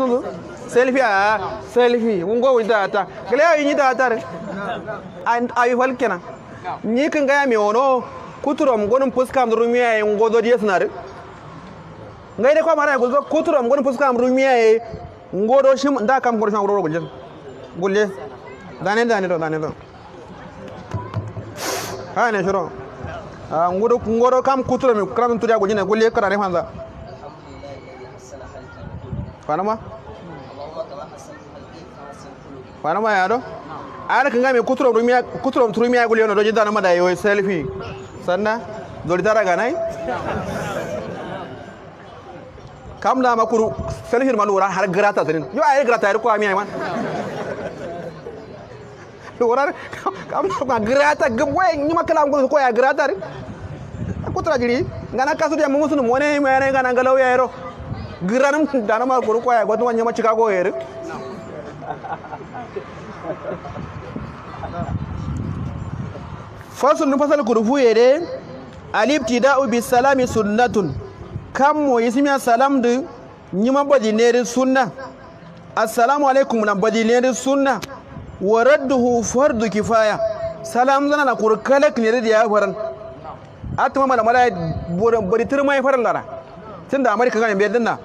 sulu selfie a selfie wungo wita ata kle ayi ni ta tare ayi w a l kenan ni kan ga mi wono kuturom gonum puskam rumiya e ngodo di snare ngai de ko mara g u l o kuturom gonum puskam rumiya e ngodo shim nda kam gorsham roro gulje gulje dane dane do dane do ha ne shiro ngodo ngodo kam kuturom kram tuja gulje ne gulje karare fanza kwanama kwanama yado ana kan game kuturom rumiya kuturom turumiya gule no doji dana da yoy selfie sanna dori tara nai? kam da kuru selfie ma wura har grata tanin yo ay grata ko ami ay man wura kam ma grata gwe ni makalam ko ya grata ri kutura jiri ngana kasu dia mumusunu mai mere ngana galau ya ero granum danama guru kwa gwa wanya ma chicago here fasul nu fasal kurfu yere alibtida'u bis salami sunnatun kam mo ismiya salam du nyima bodi neri sunna assalamu alaikum nan bodi neri sunna wa radduhu fardu kifaya salam zana na kurkala kinere da ya faran atuma mala mala bodi turma ya faran lara tunda amurka kan biyar dinna